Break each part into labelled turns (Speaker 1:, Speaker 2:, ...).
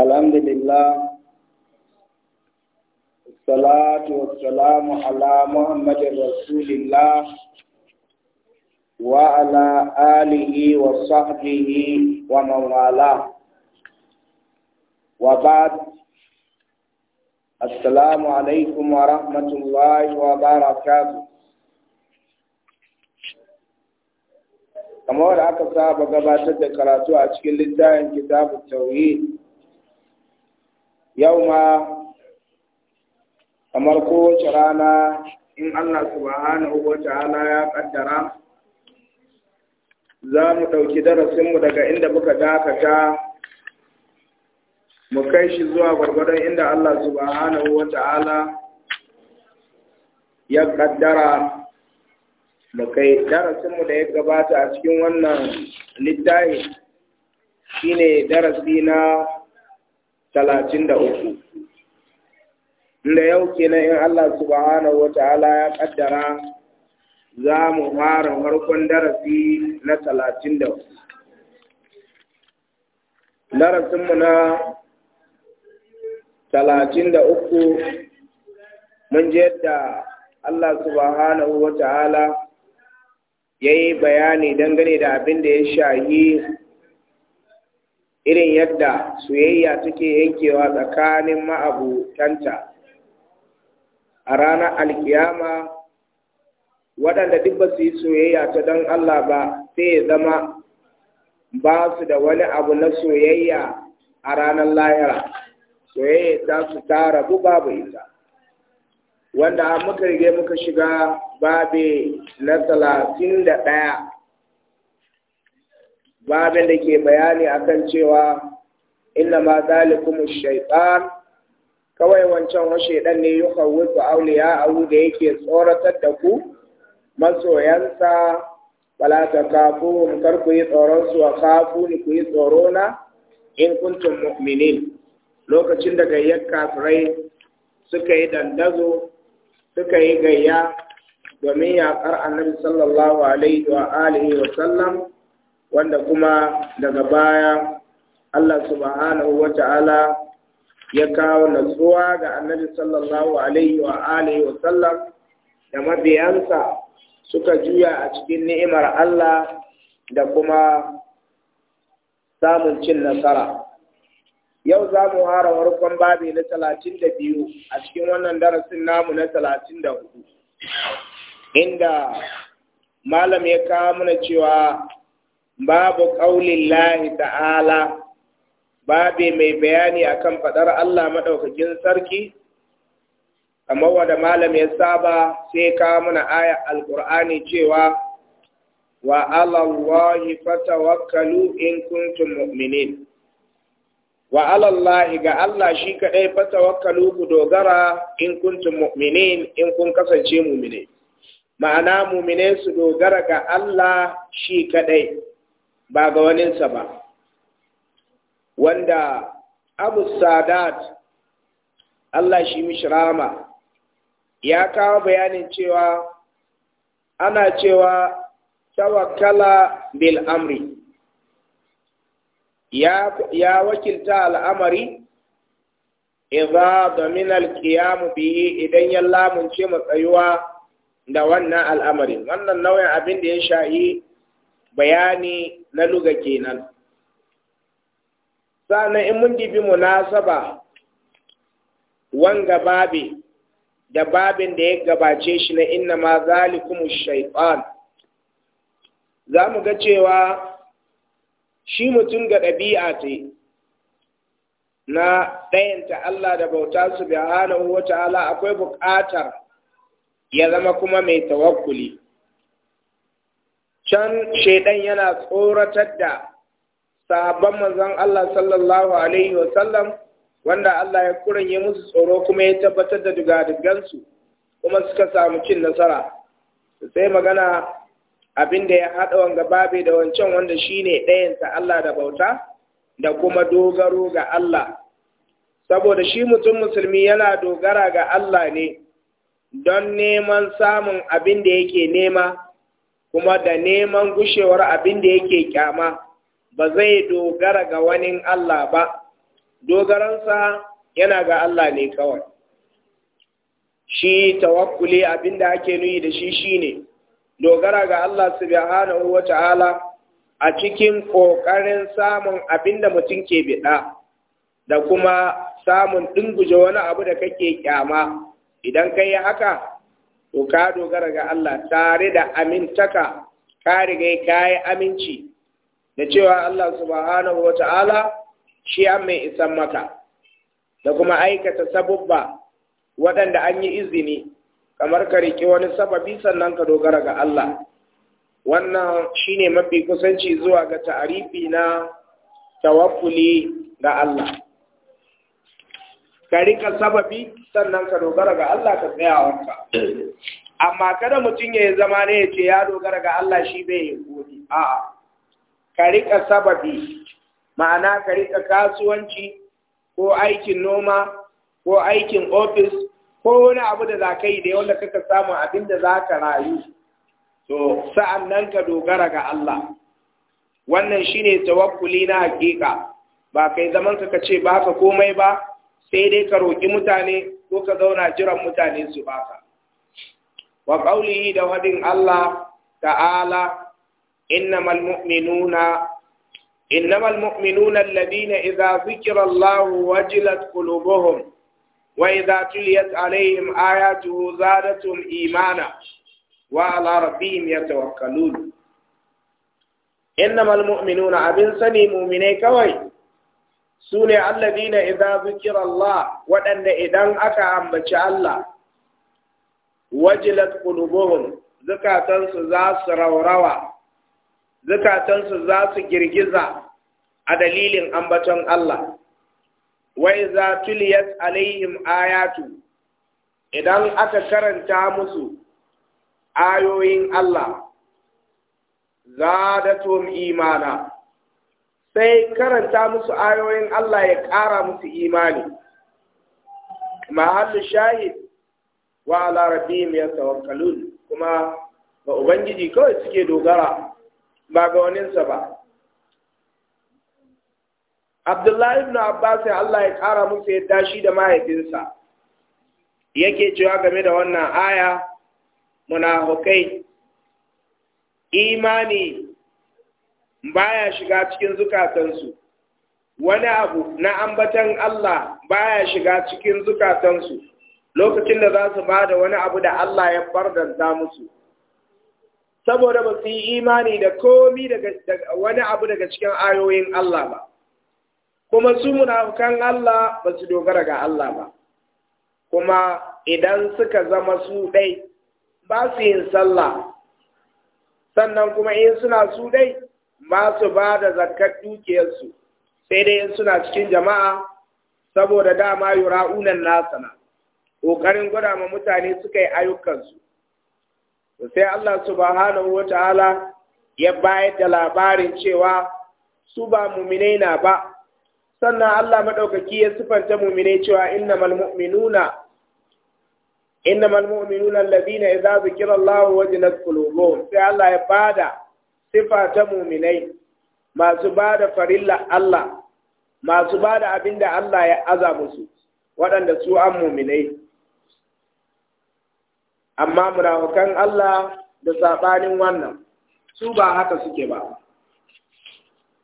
Speaker 1: الحمد لله الصلاة والسلام على محمد رسول الله وعلى آله وصحبه ومن والاه وبعد السلام عليكم ورحمة الله وبركاته kamar da aka saba gabatar da karatu a cikin littafin kitabu tauhid yau ma kamar kowace rana in Allah subhanahu wa ta'ala ya kaddara za mu ɗauki darasinmu daga inda muka dakata mu kai shi zuwa gwargwadon inda Allah subhanahu wa ta'ala ya kaddara mu kai darasinmu da ya gabata a cikin wannan littafi shine darasi na talatin da uku da yau kenan in Allah subhanahu wa ta'ala ya kaddara za mu fara farkon darasi na talatin da uku darasinmu na talatin da uku mun je da Allah subhanahu wa ta'ala ya yi bayani dangane da abin da ya shahi irin yadda soyayya take yankewa tsakanin ma'abutanta a ranar alkiyama waɗanda duk ba su yi soyayya ta don Allah ba sai ya zama ba su da wani abu na soyayya a ranar lahira soyayya ta su tara rabu babu ita wanda muka rige muka shiga babe na talatin da ɗaya babin da ke bayani a kan cewa inna ma zalikum shaytan kawai wancan wa shaydan ne ya awliya'ahu da yake tsoratar da ku masoyansa wala takafuhum kar ku yi tsoron su wa ni ku yi tsoro na in kuntum mu'minin lokacin da gayyar kafirai suka yi dandazo suka yi gayya domin yaƙar annabi sallallahu alaihi wa alihi wa sallam wanda kuma daga baya Allah subhanahu wa ta'ala ya kawo natsuwa ga annabi sallallahu alaihi wa alihi wa sallam da mabiyansa suka juya a cikin ni'imar Allah da kuma samun cin nasara. Yau za mu hara warkon babi na talatin da biyu a cikin wannan darasin namu na talatin da hudu, inda malam ya kawo mana cewa babu ƙaulillahi ta'ala babu mai bayani akan faɗar Allah maɗaukakin sarki amma wanda malam ya saba sai ka mana aya alqur'ani cewa wa alallahi fatawakkalu in kuntum mu'minin wa ga Allah shi kaɗai fatawakkalu ku dogara in kuntum mu'minin in kun kasance mu'mine ma'ana mu'mine su dogara ga Allah shi kaɗai ba ga waninsa ba wanda abu sadat Allah shi mishi rama ya kawo bayanin cewa ana cewa tawakkala bil amri ya, wakilta al'amari idza domina al-qiyam bihi idan ya lamunce matsayuwa da wannan al'amarin. wannan nau'in abin da ya sha'i bayani na luga kenan sa'annan in mun dibi munasaba wanga babi da babin da ya gabace shi na inna ma zalikum shaytan za mu ga cewa shi mutum ga ɗabi'a ce na ɗayanta Allah da bauta su bi wa ta'ala akwai buƙatar ya zama kuma mai tawakkuli can shaidan yana tsoratar da sabon manzon Allah sallallahu alaihi wa sallam wanda Allah ya kuranye musu tsoro kuma ya tabbatar da dugadugansu kuma suka samu cin nasara sai magana abin da ya haɗa wanga babe da wancan wanda shine ɗayansa Allah da bauta da kuma dogaro ga Allah saboda shi mutum musulmi yana dogara ga Allah ne don neman samun abin da yake nema kuma da neman gushewar abin da yake kyama ba zai dogara ga wani Allah ba dogaransa yana ga Allah ne kawai shi tawakkuli abin da ake nuyi da shi shine dogara ga Allah subhanahu wata'ala a cikin ƙoƙarin samun abin da mutum ke biɗa da kuma samun ɗinguje wani abu da kake kyama idan ka yi haka to ka dogara ga Allah tare da amintaka ka riga ka yi aminci da cewa Allah subhanahu wa ta'ala shi an mai isan maka da kuma aikata sabubba waɗanda an yi izini kamar ka riƙe wani sababi sannan ka dogara ga Allah wannan shine mafi kusanci zuwa ga ta'arifi na tawakkuli ga Allah ka rika sababi sannan ka dogara ga Allah ka wanka amma kada mutum ya yi zama ne ya ce ya dogara ga Allah shi bai yi a a'a ka rika sababi ma'ana ka rika kasuwanci ko aikin noma ko aikin ofis ko wani abu da za ka yi da wanda kaka samun abin da za ka rayu to sa'an nan ka dogara ga Allah wannan shine tawakkuli na hakika ba kai zaman ka ce ba ka komai ba sai dai ka roƙi mutane ko ka zauna jiran mutane su baka wa qaulihi da wadin Allah ta'ala innamal mu'minuna innamal mu'minuna alladhina idza zikira Allahu wajilat qulubuhum wa idza tuliyat alaihim ayatuhu zadatuhum imana wa ala rabbihim yatawakkalun innamal mu'minuna abin sani mu'minai kawai su ne alladina idza zikira Allah waɗanda idan aka ambaci Allah wajilat ƙulubuhun zukatansu za su raurawa zukatansu za su girgiza a dalilin ambaton Allah Wai za tuliyat alaihim ayatu idan aka karanta musu ayoyin Allah zadatuhum imana sai karanta musu ayoyin Allah ya ƙara musu imani mahallu shahid wa ala rabbihim yatawakkalun kuma ba ubangiji kawai suke dogara ba ga waninsa ba abdullah ibn Abbas Allah ya ƙara musu yadda shi da mahaifinsa yake cewa game da wannan aya Muna munafukai imani baya shiga cikin zukatansu wani abu na ambatan Allah baya shiga cikin zukatansu lokacin da za su bada wani abu da Allah ya fardanta musu saboda ba su yi imani da komi daga wani abu daga cikin ayoyin Allah ba kuma su munafukan Allah ba su dogara ga Allah ba kuma idan suka zama su dai ba su yin sallah sannan kuma in suna su dai ba su ba da zarkar dukiyarsu sai dai in suna cikin jama'a saboda dama yura'unan nasana ƙoƙarin gwada ma mutane suka yi ayyukansu sai Allah subhanahu wa ya bayar da labarin cewa su ba muminai na ba sannan Allah maɗaukaki ya sifanta muminai cewa innamal mu'minuna innamal mu'minuna alladhina idza zikira Allah wajilat qulubuhum sai Allah ya bada sifa ta muminai masu ba da farilla Allah masu ba da abin da Allah ya aza musu waɗanda su an muminai amma munafukan Allah da saɓanin wannan su ba haka suke ba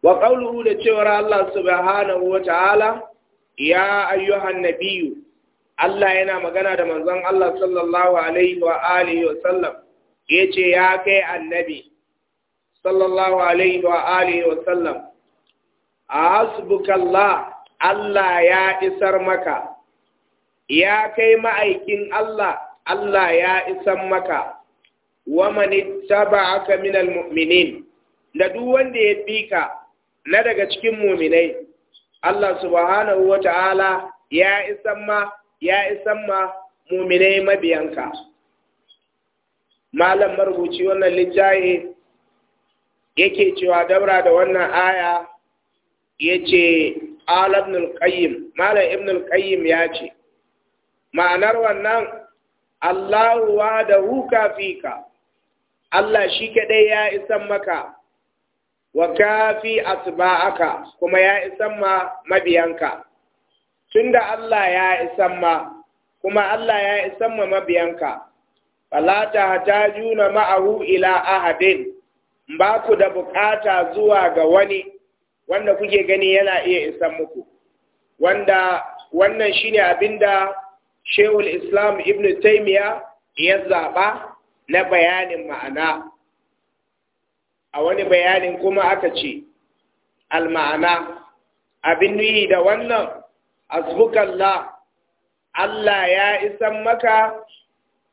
Speaker 1: wa qawluhu da cewar Allah subhanahu wa ta'ala ya ayyuhan nabiyyu Allah yana magana da manzon Allah sallallahu alaihi wa alihi wa sallam yace ya kai annabi sallallahu alaihi wa alihi wa sallam hasbukallah Allah ya isar maka ya kai ma'aikin Allah Allah ya isar maka wa man ittaba'aka minal mu'minin da duk wanda ya bika na daga cikin muminai Allah subhanahu wa ta'ala ya isan ma muminai mabiyanka malam marubuci wannan littafi yake cewa dabra da wannan aya yace qala ibn al-qayyim mala ibn qayyim yace ma'anar wannan Allahu wa da huka fika Allah shi kadai ya isan maka wa kafi asba'aka kuma ya isan ma mabiyanka tunda Allah ya isan ma kuma Allah ya isan ma mabiyanka fala ta juna ma'ahu ila ahadin ba ku da bukata zuwa ga wani wanda kuke gani yana iya isan muku wanda wannan shine abinda Shehul Islam Ibn Taymiya ya zaɓa na bayanin ma'ana a wani bayanin kuma aka ce al-ma'ana abin da wannan azbukallah Allah ya isan maka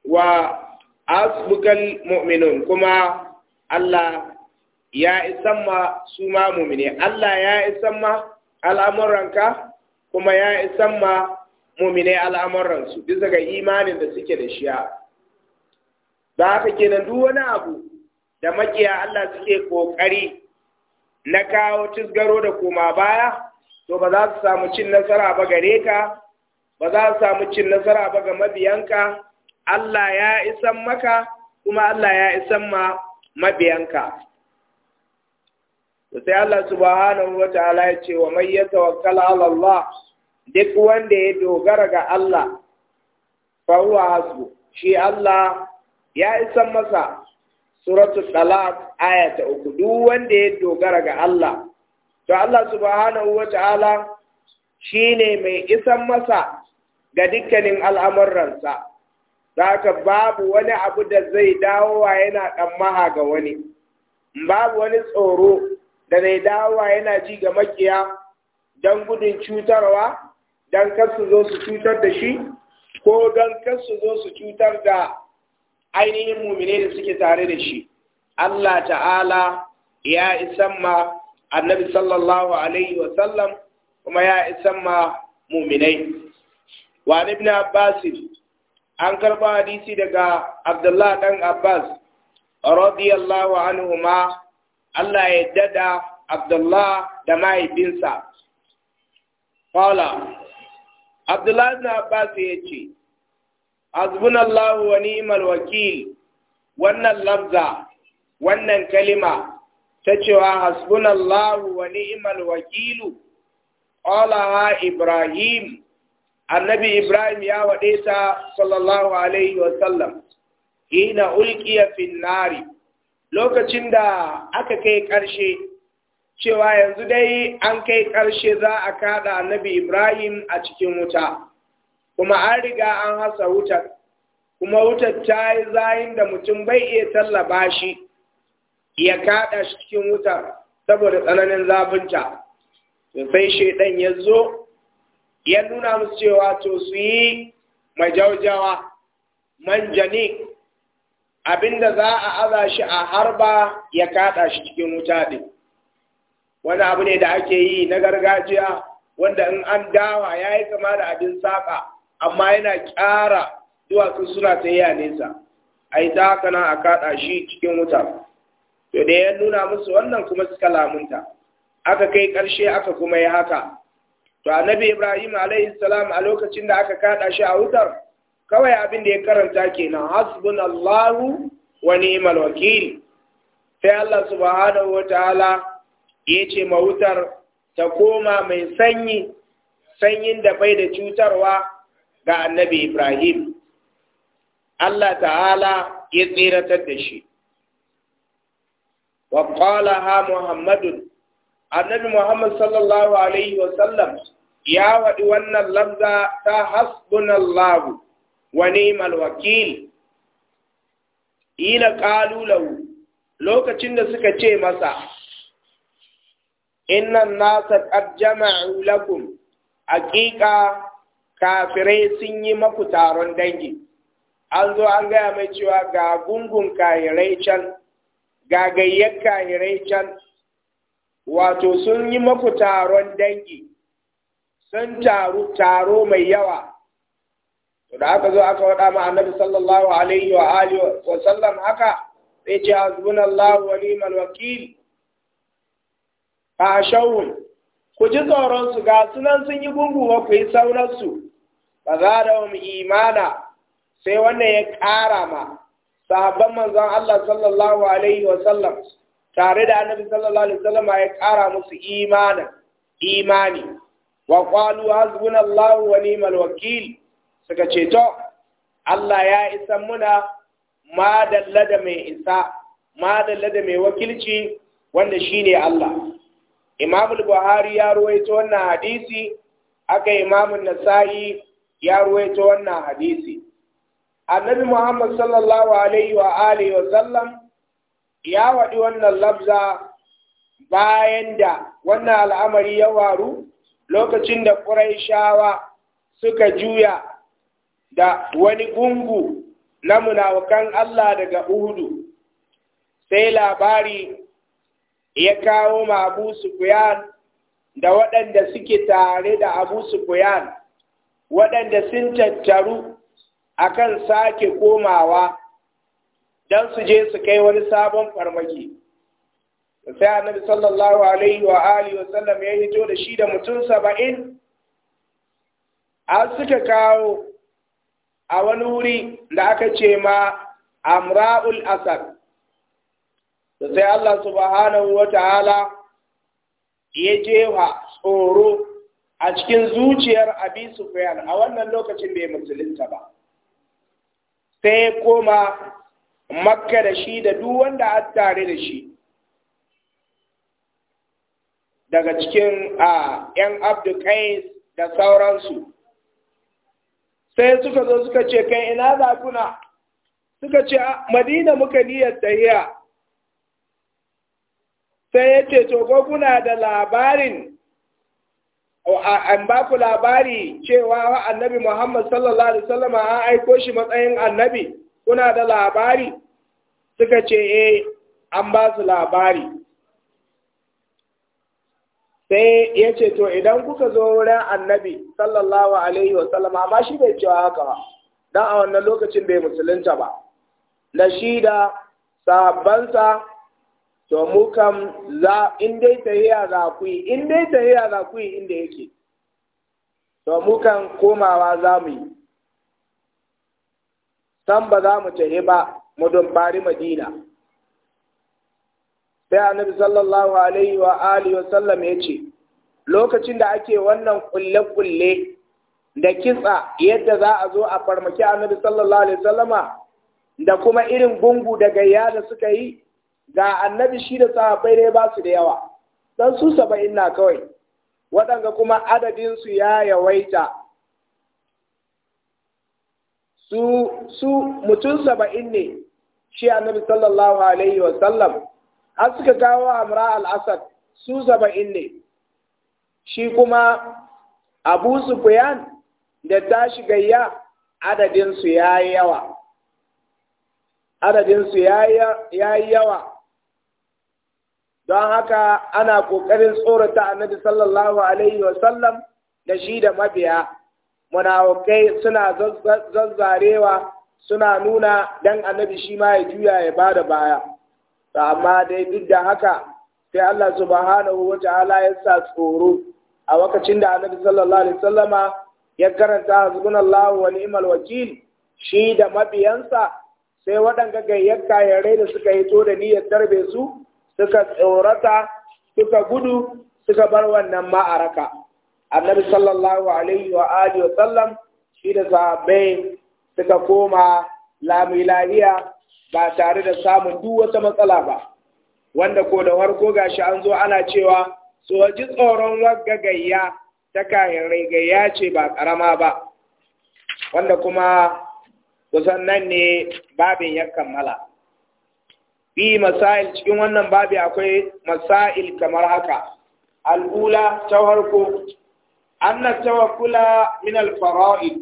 Speaker 1: wa asbukal mu'minun kuma Allah ya isan ma su ma mumine Allah ya isan ma al'amuranka kuma ya isan ma mumine al'amuransu bisa ga imanin da suke da shiya Ba haka kenan duk wani abu da makiya Allah suke kokari na kawo cisgaro da koma baya to ba za su samu cin nasara ba gare ka ba za su samu cin nasara ba ga mabiyanka Allah ya isan maka kuma Allah ya isan ma mabiyanka sai Allah subhanahu wa ta'ala ya ce wa mai yatawakkal ala Allah duk wanda ya dogara ga Allah fa huwa hasbu shi Allah ya isa masa suratu talaq aya ta uku duk wanda ya dogara ga Allah to Allah subhanahu wa ta'ala shine mai isa masa ga dukkanin al'amuransa Zaka babu wani abu da zai dawo wa yana ɗan ga wani babu wani tsoro da zai dawo wa yana ji ga makiya don gudun cutarwa don kar zo su cutar da shi ko don kar zo su cutar da ainihin mumine da suke tare da shi Allah ta'ala ya isan ma annabi sallallahu alaihi wa kuma ya isan ma muminai wa ibn abbasin an karɓa hadisi daga Abdullahi ɗan Abbas, radiyallahu anhuma Allah ya dada Abdullah da mahaifinsa. Fala, Abdullahi ɗan Abbas ya ce, Hasbunallahu wa ni'mal wakil, wannan lafza, wannan kalima, ta cewa hasbunallahu wa ni'mal wakilu, ƙolaha Ibrahim annabi ibrahim ya waɗe ta sallallahu alaihi sallam. hina ulkiya finnari lokacin da aka kai ƙarshe cewa yanzu dai an kai ƙarshe za a kaɗa annabi ibrahim a cikin wuta kuma an riga an hasa wutar kuma wutar ta yi zayin da mutum bai iya tallaba shi ya kaɗa shi cikin wutar saboda tsananin zafinta sai shaidan ya zo ya nuna musu cewa to su yi majaujawa manjani abinda za a aza shi a harba ya kada shi cikin wuta ne. wani abu ne da ake yi na gargajiya wanda in an dawa ya yi kama da abin saƙa amma yana ƙyara duwatsu suna tsaye nesa a yi za haka na a kaɗa shi cikin wuta to da ya nuna musu wannan kuma suka lamunta aka kai ƙarshe aka kuma yi haka to annabi ibrahim alayhi salam a lokacin da aka kada shi a wutar kawai abin da ya karanta kenan hasbunallahu wa ni'mal wakil sai Allah subhanahu ta'ala ya ce ma wutar ta koma mai sanyi sanyin da bai da cutarwa ga annabi ibrahim Allah ta'ala ya tsiratar da shi wa qala muhammadun annabi Muhammad sallallahu alaihi wa sallam ya waɗi wannan lafza ta hasbunallahu wa ni'mal wakil ila qalu lahu lokacin da suka ce masa innan nasa qad jama'u lakum haqiqa kafirai sun yi maku taron dangi an zo an gaya mai cewa ga gungun kayirai can ga gayyar kayirai can wato sun yi maku taron dangi sun taru taro mai yawa to da aka zo aka wada ma annabi sallallahu alaihi wa alihi wa sallam haka sai ce hasbunallahu wa ni'mal wakil fashawun ku ji tsoron su ga sunan sun yi gunguwa ku yi sauran su ba za da mu imana sai wannan ya ƙara ma sahabban manzon Allah sallallahu alaihi wa sallam tare da annabi sallallahu alaihi wasallam ya kara musu imanin imani wa qalu Allah wa ni'mal wakil suka ce to Allah ya isa muna ma dalla da mai isa ma dalla da mai wakilci wanda shine Allah Imam al-Buhari ya ruwaito wannan hadisi aka Imam an-Nasa'i ya ruwaito wannan hadisi Annabi Muhammad sallallahu alaihi wa alihi wa sallam ya waɗi wannan labza bayan da wannan al'amari ya waru lokacin da ƙuraishawa suka juya da wani gungu na munawakan Allah daga Uhudu, sai labari ya kawo ma Abu Sufyan da waɗanda suke tare da Abu Sufyan waɗanda sun tattaru akan sake komawa Idan su je su kai wani sabon farmaki sai annabi sallallahu alaihi wa alihi wa sallam ya hito da shi da mutum saba'in an suka kawo a wani wuri da aka ce ma amra'ul asad da sai Allah subhanahu wa ta'ala ya jefa tsoro a cikin zuciyar abi sufyan a wannan lokacin bai musulunta ba sai koma makka da shi da duk wanda a tare da shi daga cikin a ‘yan abdukais da sauransu sai suka zo suka ce kai ina za kuna suka ce a, madina muka niyyar tahiya sai ya ce to ko kuna da labarin an ba ku labari cewa annabi Muhammad sallallahu alaihi wasallam an aiko shi matsayin annabi kuna da labari suka ce e an ba su labari sai ya ce to idan kuka zo wurin annabi sallallahu alaihi wasallam amma shi bai cewa haka ba dan a wannan lokacin bai musulunta ba Na shi da sabansa to mu kam za in dai tahiya za ku yi in dai tahiya za ku yi inda yake to mu kan komawa za mu yi san ba za mu tahi ba mudun bari madina sai annabi sallallahu alaihi wa alihi sallam ya ce lokacin da ake wannan kulle-kulle da kitsa yadda za a zo a farmaki annabi sallallahu alaihi wasallama da kuma irin gungu da gayya da suka yi ga annabi shi da sahabbai ne ba su da yawa dan su saba'in na kawai waɗanda kuma adadin su ya yawaita su su mutum saba'in ne shi annabi sallallahu alaihi wa sallam har suka kawo amra al-asad su saba'in ne shi kuma abu sufyan da tashi gayya adadin su yayi yawa adadin su yayi yawa don haka ana kokarin tsorata annabi sallallahu alaihi wa sallam da shi da mabiya munawakai suna zazzarewa suna nuna dan annabi shi ma ya juya ya bada baya amma dai duk da haka sai Allah subhanahu wa ta'ala ya sa tsoro a lokacin da annabi sallallahu alaihi wasallama ya karanta hasbunallahu wa ni'mal wakil shi da mabiyansa sai waɗanda gayyar ya da suka yi to da niyyar tarbe su suka tsorata suka gudu suka bar wannan ma'araka annabi sallallahu alaihi wa alihi wa sallam shi da sahabbai suka koma lamilahiya ba tare da samun duk wata matsala ba wanda ko da ga gashi an zo ana cewa so ji tsoron gagayya gayya ta kayan gayya ce ba karama ba wanda kuma kusan nan ne babin ya kammala bi masail cikin wannan babi akwai masail kamar haka al'ula ta farko anna tawakkula min al-fara'id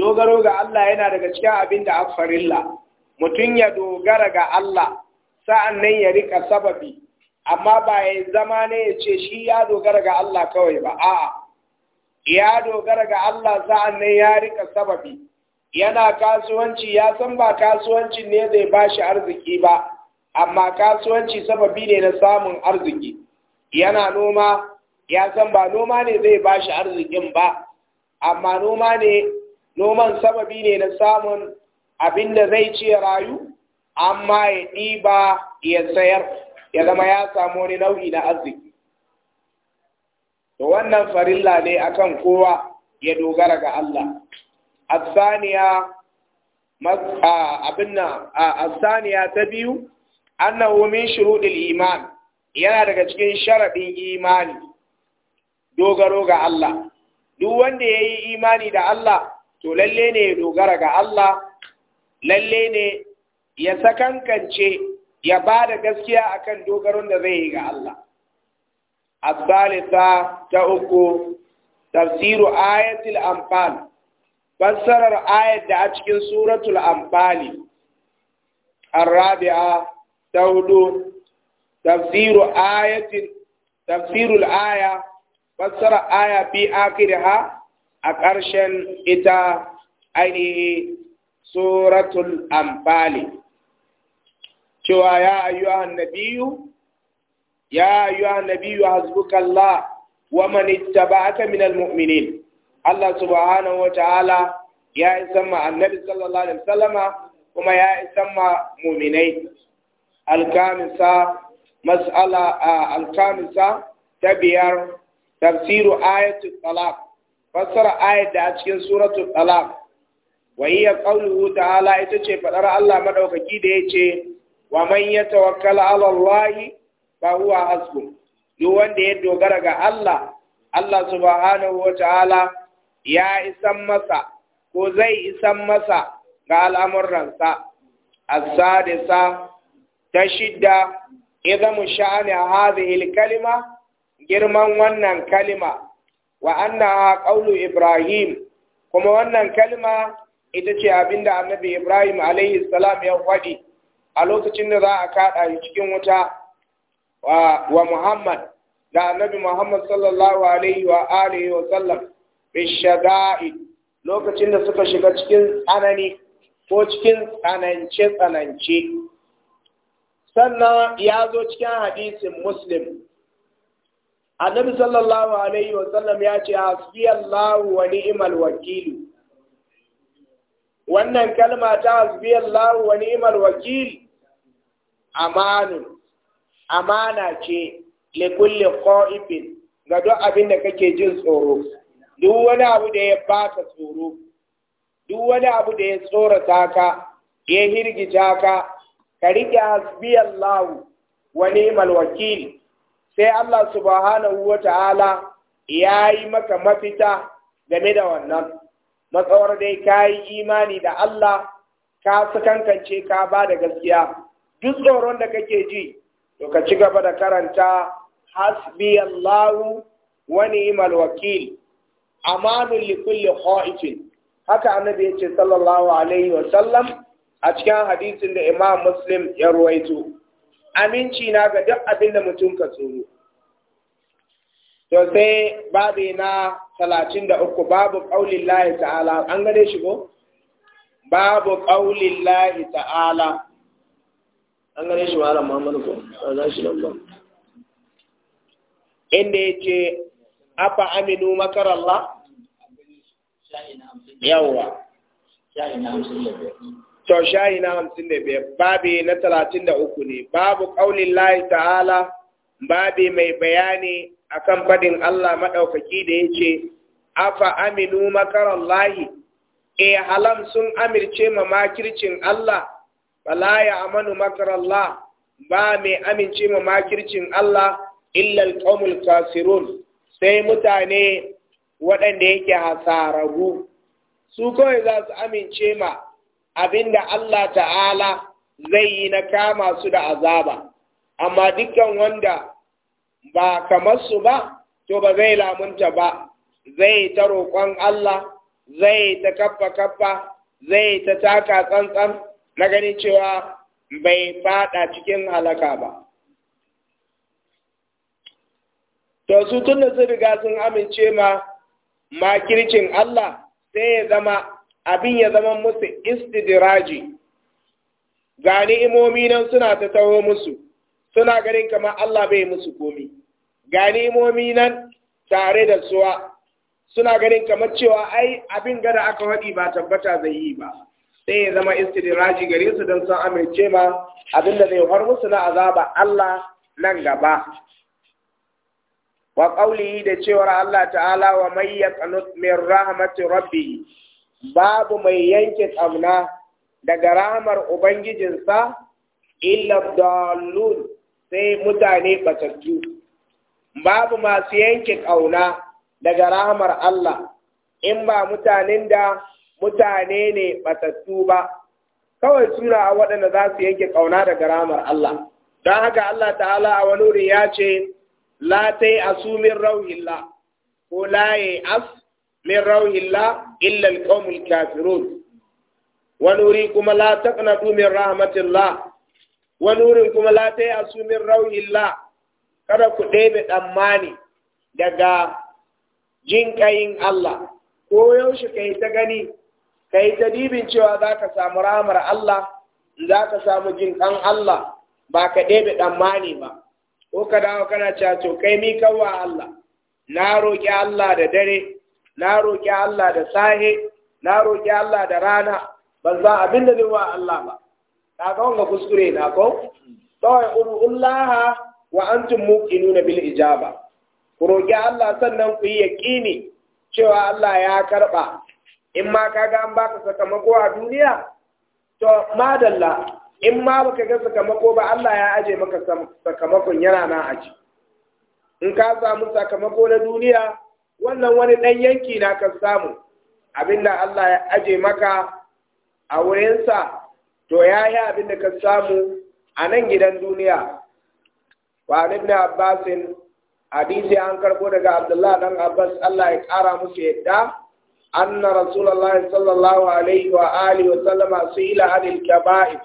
Speaker 1: dogaro ga Allah yana daga cikin abin da afarilla mutum ya dogara ga Allah sa'an nan ya rika sababi amma ba ya zama ne ya ce shi ya dogara ga Allah kawai ba a'a ya dogara ga Allah sa'an nan ya rika sababi yana kasuwanci ya san ba kasuwanci ne zai bashi arziki ba amma kasuwanci sababi ne na samun arziki yana noma ya san ba noma ne zai ba shi arzikin ba amma noma ne noman sababi ne na samun abin da zai ce rayu amma ya ɗiba ya sayar ya zama ya samu wani nau'i na arziki to wannan farilla ne akan kowa ya dogara ga Allah asaniya ta biyu annahu min shuruɗil iman yana daga cikin sharaɗin imani dogaro ga Allah duk wanda ya yi imani da Allah to lalle ne ya dogara ga Allah lalle ne ya sakankance ya ba da gaskiya akan dogaron da zai yi ga Allah asalisa ta uku tafsiru ayatul anfal fassarar ayat da a cikin suratul anfal الرابعة تولو تفسير آية تفسير الآية fassara aya fi akiriha a ƙarshen ita ainihi suratul amfali cewa ya ayyuhan nabiyu ya ayyuhan hasbukallah wa man ittaba'aka minal mu'minin Allah subhanahu wa ta'ala ya isan ma annabi sallallahu alaihi wasallama kuma ya isan ma mu'minai alkamisa mas'ala alkamisa ta biyar tafsiru ayatul talaq fassara ayat da a cikin suratu talaq wa hiya qawluhu ta'ala ita ce fadar Allah maɗaukaki da ya ce wa man yatawakkal 'ala Allah fa huwa hasbu duk wanda ya dogara ga Allah Allah subhanahu wa ta'ala ya isan masa ko zai isan masa ga al'amuransa as-sadisa ta shidda idan sha'ani hadhihi al-kalima girman wannan kalima wa annaha qaulu ibrahim kuma wannan kalima ita ce abinda annabi ibrahim alaihi salam ya wadi a lokacin da za a kaɗa shi cikin wuta wa muhammad da annabi muhammad sallallahu alaihi wa alihi wa sallam bishada'i lokacin da suka shiga cikin tsanani ko cikin tsanance tsanance sannan ya zo cikin hadisin muslim annabi sallallahu alaihi wa sallam ya ce hasbi Allah wa ni'mal wakil wannan kalma ta hasbi Allah wa ni'mal wakil amanu amana ce le kulli qa'ibin ga duk abin da kake jin tsoro duk wani abu da ya baka tsoro duk wani abu da ya tsorata ka ya hirgita ka ka rike hasbi Allah wa ni'mal wakil sai Allah subhanahu wa ta'ala ya yi maka mafita game da wannan, matsawar dai ka yi imani da Allah ka kankance ka ba da gaskiya, duk tsoron da kake ji, to ka ci gaba da karanta hasbi Allahu wani ni'mal wakil, amanun likulli kha'ifin. Haka annabi ya ce sallallahu alaihi wa a cikin hadisin da Imam Muslim ya ruwaito. aminci na ga duk abin da mutum ka tsoro to sai babu na talatin da uku babu ƙaunin lahi ta'ala an gane shi ko babu ƙaunin lahi ta'ala an gane shi ma'ala ma'amalu ko za shi nan ba inda ya ce afa aminu makar Allah? yawwa to shayi na hamsin da biyar babi na talatin da uku ne babu ƙaunin layi ta'ala babi mai bayani akan faɗin Allah maɗaukaki da ya ce afa aminu makaran lahi e eh, halam sun amince ma makircin Allah bala ya amanu makaran la ba mai amince ma makircin Allah illal qaumul kasirun sai mutane waɗanda yake hasararru su kawai za su amince ma abinda Allah ta'ala zai yi na kama su da azaba amma dukkan wanda ba kamar su ba to ba zai lamunta ba zai ta roƙon Allah zai ta kaffa kaffa zai ta taka tsantsan na gani cewa bai fada cikin halaka ba to su tun da su riga sun amince ma makircin Allah sai ya zama abin ya zama musu istidiraji ga ni'imomi nan suna ta taho musu suna ganin kamar Allah bai musu komi ga ni'imomi nan tare da suwa suna ganin kamar cewa ai abin gada aka waɗi ba tabbata zai yi ba sai ya zama istidiraji gare su don san amince ma abin da zai har musu na azaba Allah nan gaba wa qawlihi da cewar Allah ta'ala wa may yaqnut min rahmati rabbih babu mai yanke tsamna daga ramar ubangijinsa illa dalun sai mutane batattu babu masu yanke ƙauna daga ramar Allah in ba mutanen da mutane ne batattu ba kawai suna a waɗanda za su yanke ƙauna daga ramar Allah don haka Allah ta'ala a wani wuri ya ce la yi asu min la, ko la as min la. illa alqawmul kafirun wani wuri kuma la taqnatu min rahmatillah wani wurin kuma la ta'asu min rauhillah kada ku ɗebe tsammani daga jinƙayin Allah ko yaushe kai ta gani kai ta dibin cewa za ka samu ramar Allah za ka samu jinƙan Allah ba ka ɗebe tsammani ba ko ka dawo kana cato kai mi Allah na roƙi Allah da dare na roƙi Allah da sahe na roƙi Allah da rana ban za abin da zai wa Allah ba ka ga wanga kuskure na ko tawai urullaha wa muƙi, nuna bil ijaba ku roƙi Allah sannan ku yi yaƙini cewa Allah ya karɓa in ma ka ga an baka sakamako a duniya to madalla in ma baka ga sakamako ba Allah ya aje maka sakamakon yana na aji in ka samu sakamako na duniya wannan wani ɗan yanki na kan samu abinda Allah ya aje maka a wurinsa to ya yi abinda kan samu a nan gidan duniya wa ibn abbasin hadisi an karɓo daga abdullahi dan abbas Allah ya ƙara musu yadda anna rasulullahi sallallahu alaihi wa alihi wa sallama su'ila anil kaba'ir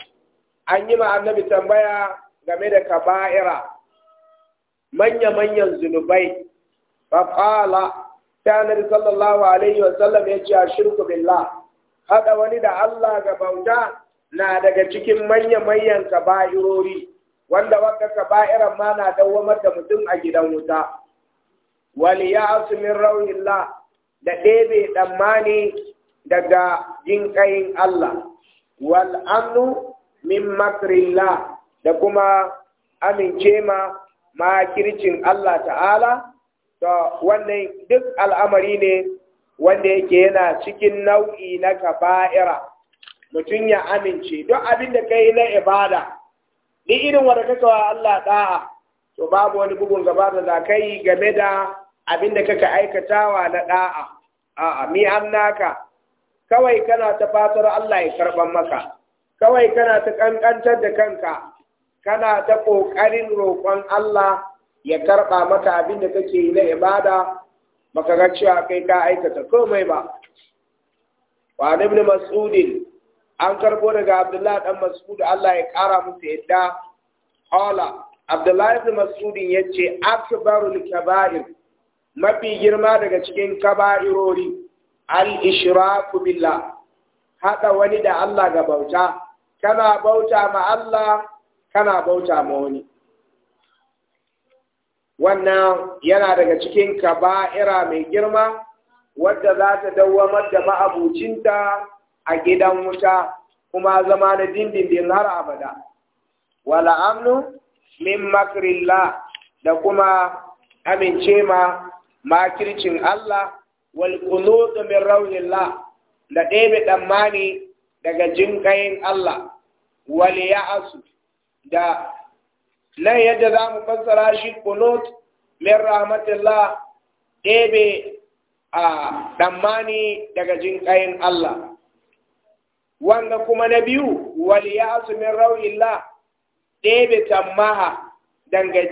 Speaker 1: an yi ma annabi tambaya game da kaba'ira manya-manyan zunubai faƙala ta annabi sallallahu alaihi sallam ya ce a shirku billah haɗa wani da Allah ga bauta na daga cikin manya-manyan kaba'irori wanda waka kaba'iran ma na dawwamar da mutum a gidan wuta wal ya'su min la da ɗebe tsammani daga jinƙayin Allah wal amnu min makrillah da kuma amince ma makircin Allah ta'ala to wannan duk al'amari ne wanda yake yana cikin nau'i na kaba'ira mutum ya amince duk abin da kai na ibada ni irin wanda kaka wa Allah da'a to babu wani bugun gaba da za ka yi game da abin da kaka aikatawa na da'a a'a mi annaka kawai kana ta fatar Allah ya karban maka kawai kana ta ƙanƙantar da kanka kana ta ƙoƙarin roƙon Allah ya karɓa mata abin da kake yi na ibada maka ga cewa kai ka aikata komai ba wa ibn mas'ud an karbo daga abdullah dan mas'ud Allah ya kara musu yadda qala abdullah ibn mas'ud yace akbarul kaba'ir mafi girma daga cikin kaba'irori al ishraku billah hada wani da Allah ga bauta kana bauta ma Allah kana bauta ma wani wannan yana daga cikin kaba'ira mai girma wadda za ta dawwamar da ma'abucinta a gidan wuta kuma zama na dindindin har abada wala amnu min makirilla da kuma amince ma makircin Allah wal tsamin min rawlillah da ɗebe ɗammani daga jinƙayin Allah wal ya'asu da nan yadda za mu fassara shi kunut min rahmatillah ɗebe a ɗammani daga jinƙayin Allah wanda kuma na biyu waliya min rau'illah ɗebe tammaha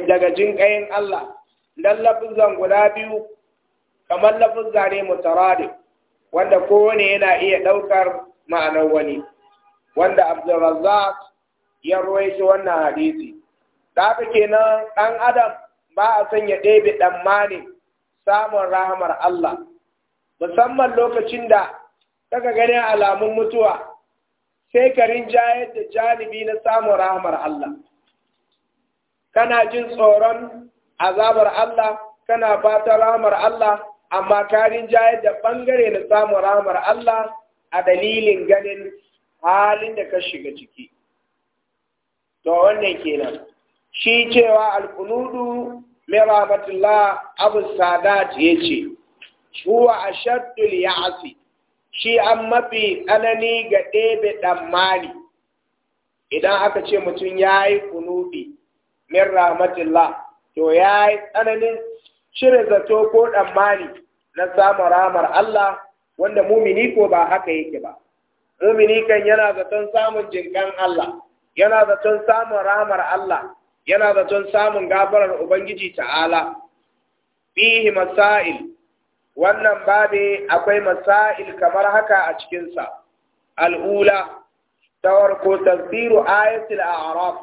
Speaker 1: daga jinƙayin Allah don lafizan guda biyu kamar lafizza ne mutaradi wanda kowane yana iya ɗaukar ma'anar wani wanda abdulrazzaq ya ruwaito wannan hadisi da haka kenan ɗan adam ba a sanya ya ɗebe ɗammani samun rahamar Allah musamman lokacin da kaga ganin alamun mutuwa sai ka rinjayar da janibi na samun rahamar Allah kana jin tsoron azabar Allah kana fata rahamar Allah amma ka rinjayar da ɓangare na samun rahamar Allah a dalilin ganin halin da ka shiga ciki to wannan kenan shi cewa alkunudu min abu sadat ya ce huwa ashaddul ya'asi, shi an mafi tsanani ga ɗebe ɗammani idan aka ce mutum ya yi kunudi min rahmatullah to ya yi tsananin shirin zato ko ɗammani na samun ramar Allah wanda mumini ko ba haka yake ba mumini kan yana zaton samun jinkan Allah yana zaton samun ramar Allah yana zaton samun gafarar ubangiji ta'ala fihi masail wannan babe akwai masail kamar haka a cikinsa
Speaker 2: al'ula
Speaker 1: ta warko tasbiru ayatul a'raf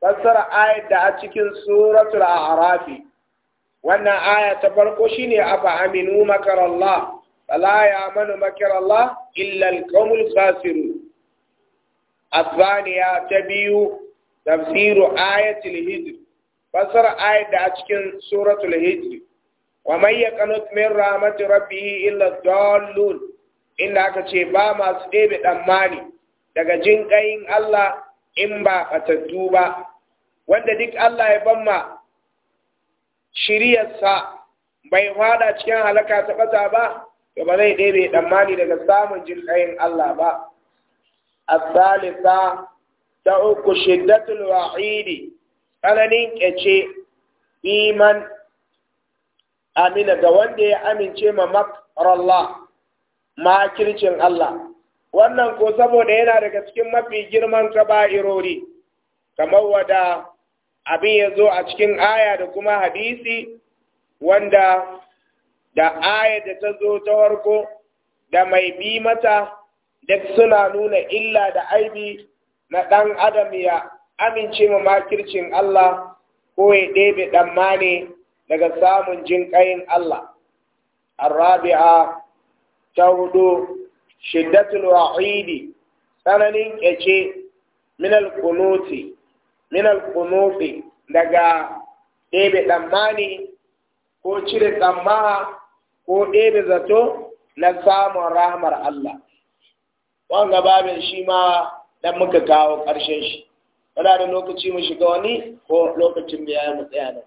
Speaker 1: fassara ayat da a cikin suratul a'rafi wannan aya ta farko shine afa aminu makarallah fala manu makarallah illal al-qawmul khasirun ta biyu. tafsiru ayatul hijr fasara ayat da a cikin suratul hijr wa man yaqanut min rahmati rabbih illa dallun inda aka ce ba masu ɗebe tsammani daga jin ƙayin Allah in ba ɓatattu ba wanda duk Allah ya bamma shiryarsa bai fada cikin halaka ta ɓata ba to ba zai ɗebe tsammani daga samun jin ƙayin Allah ba الثالثة ta uku shiddatul wa'idi tsananin ƙyace iman amina ga wanda ya amince ma makarallah makircin Allah wannan ko saboda yana daga cikin mafi girman kaba'irori kamar wada abin ya zo a cikin aya da kuma hadisi wanda da aya da ta zo ta harko da mai bi mata duk suna nuna illa da aibi na ɗan adam ya amince ma makircin Allah ko ya ɗebe ɗammane daga samun jin ƙayin Allah. Arrabi'a ta hudu shiddatul wa'idi tsananin ƙyace minal kunuti minal kunuti daga ɗebe ɗammani ko cire tsammaha ko ɗebe zato na samun rahmar Allah. Wanga babin shi ma dan muka kawo ƙarshen shi yana da lokaci mu shiga wani ko lokacin da ya mu tsaya da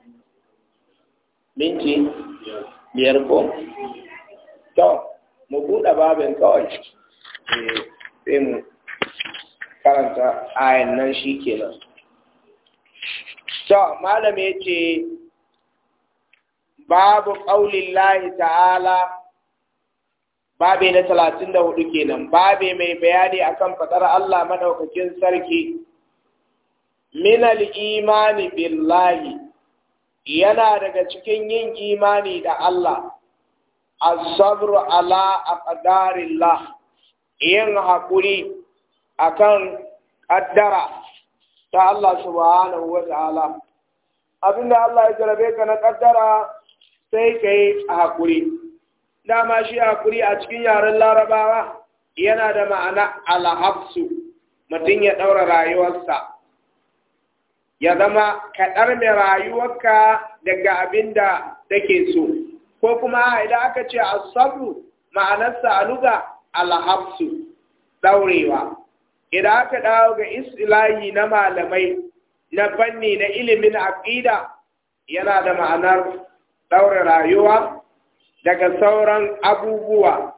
Speaker 1: minti biyar ko to mu buɗe babin kawai eh, sai mu karanta ayan nan shi kenan to malam ya ce babu ƙaulillahi ta'ala babe na talatin da hudu kenan babe mai bayani akan fadar Allah madaukakin sarki min imani billahi yana daga cikin yin imani da Allah as sabr ala aqdarillah yin hakuri akan kaddara ta Allah subhanahu wa ta'ala abinda Allah ya jarabe ka na kaddara sai kai hakuri dama shi kuri a cikin yaren larabawa yana da ma'ana alhafsu mutum ya ɗaura rayuwarsa ya zama kaɗar mai rayuwarka daga abin da take so ko kuma idan aka ce a asabu ma'anarsa a luga alhafsu ɗaurewa idan aka dawo ga islahi na malamai na fanni na ilimin aƙida yana da ma'anar ɗaura rayuwa daga sauran abubuwa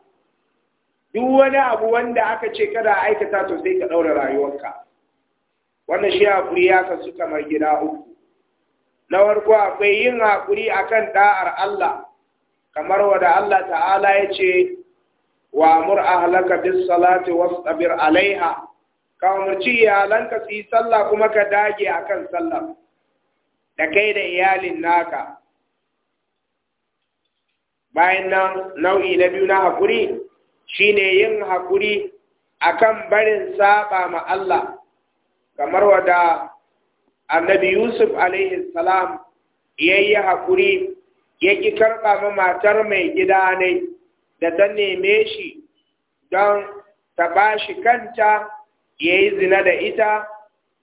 Speaker 1: duk wani abu wanda aka ce kada aikata to sai ka ɗaura rayuwarka wannan shi haƙuri ya kasu kamar gida uku na farko akwai yin haƙuri akan da'ar Allah kamar wada Allah ta'ala ya ce wa amur ahlaka bis salati wastabir alaiha ka umarci iyalanka su yi sallah kuma ka dage akan sallah da kai da iyalin naka bayan nan nau'i na biyu na haƙuri ne yin haƙuri kan barin saba ma Allah kamar wada annabi Yusuf alaihi salam yayi haƙuri ƙi karɓa ma matar mai gida ne da ta neme shi don ta ba shi kanta ya yi zina da ita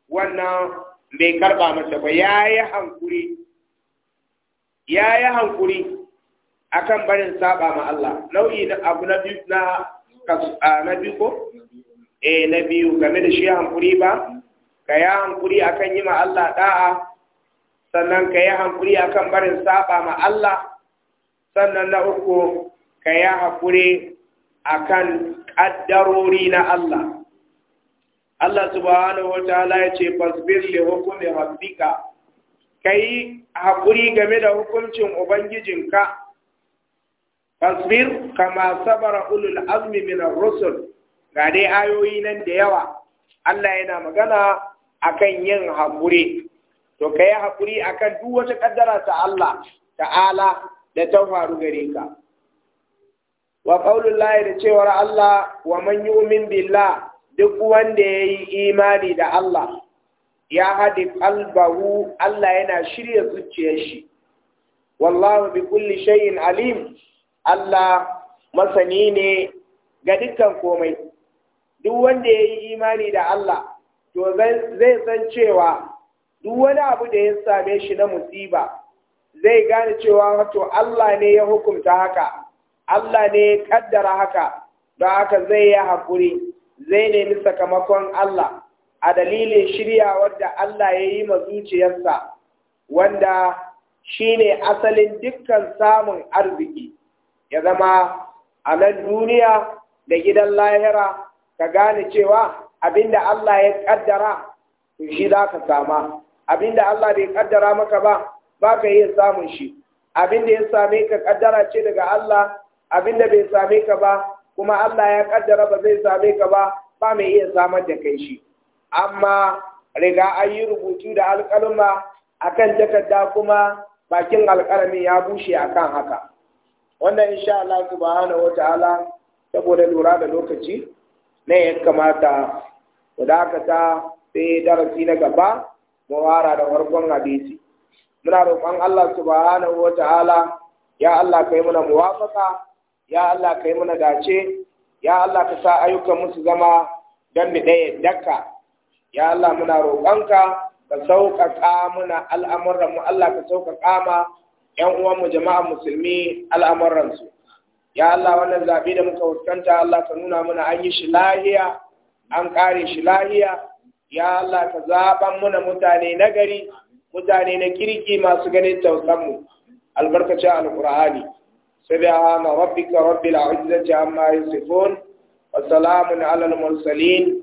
Speaker 1: wannan bai karɓa mata ba yayi hankuri yi hankuri akan barin saba ma Allah nau'i na abu na biyu na na biyu ko eh na biyu game da shi hankuri ba ka yi hankuri akan yi ma Allah da'a sannan ka yi hankuri akan barin saba ma Allah sannan na uku ka yi hakuri akan kaddarori na Allah Allah subhanahu wa ta'ala ya ce fasbir li hukmi rabbika kai hakuri game da hukuncin ubangijinka fasbir kama sabara ulul azmi min ar-rusul ga dai ayoyi nan da yawa Allah yana magana akan yin haƙuri to kai haƙuri akan duk wata ƙaddara ta Allah ta'ala da ta faru gare ka wa qaulul lahi da cewar Allah wa man yu'min billah duk wanda yayi imani da Allah ya hadi qalbahu Allah yana shirya zuciyar shi wallahu bi kulli shay'in alim Allah masani ne ga dukkan komai duk wanda ya yi imani da Allah to zai san cewa duk wani abu da ya same shi na musiba zai gane cewa wato Allah ne ya hukunta haka Allah ne ya kaddara haka don haka zai yi haƙuri zai nemi sakamakon Allah a dalilin shirya wadda Allah ya yi zuciyarsa wanda shi ne asalin dukkan samun arziki ya zama a nan duniya da gidan lahira ka gane cewa abinda Allah ya kaddara to shi za ka sama abinda Allah bai kaddara maka ba ba ka iya samun shi abinda ya same ka kaddara ce daga Allah abinda bai same ka ba kuma Allah ya kaddara ba zai same ka ba ba mai iya samar da kai shi amma riga an yi rubutu da a kan takarda kuma bakin alƙalami ya bushe akan haka wannan insha Allah subhanahu wataala saboda lura da lokaci ne ya kamata ku dakata sai darasi na gaba mu fara da farkon hadisi muna roƙon Allah subhanahu wataala ya Allah kai muna muwafaka ya Allah kai muna dace ya Allah ka sa ayyukan musu zama don mu ɗaya daka ya Allah muna roƙonka ka sauƙaƙa muna al'amuran mu Allah ka sauƙaƙa ma yan uwanmu jama'a musulmi al'amuransu ya Allah wannan zaɓe da muka fuskanta Allah ka nuna muna an yi shi lahiya an ƙare shi lahiya ya Allah ka zaɓan muna mutane na gari mutane na kirki masu ganin tausanmu albarkacin alƙur'ani سبحان ربك رب ma عما يصفون وسلام على المرسلين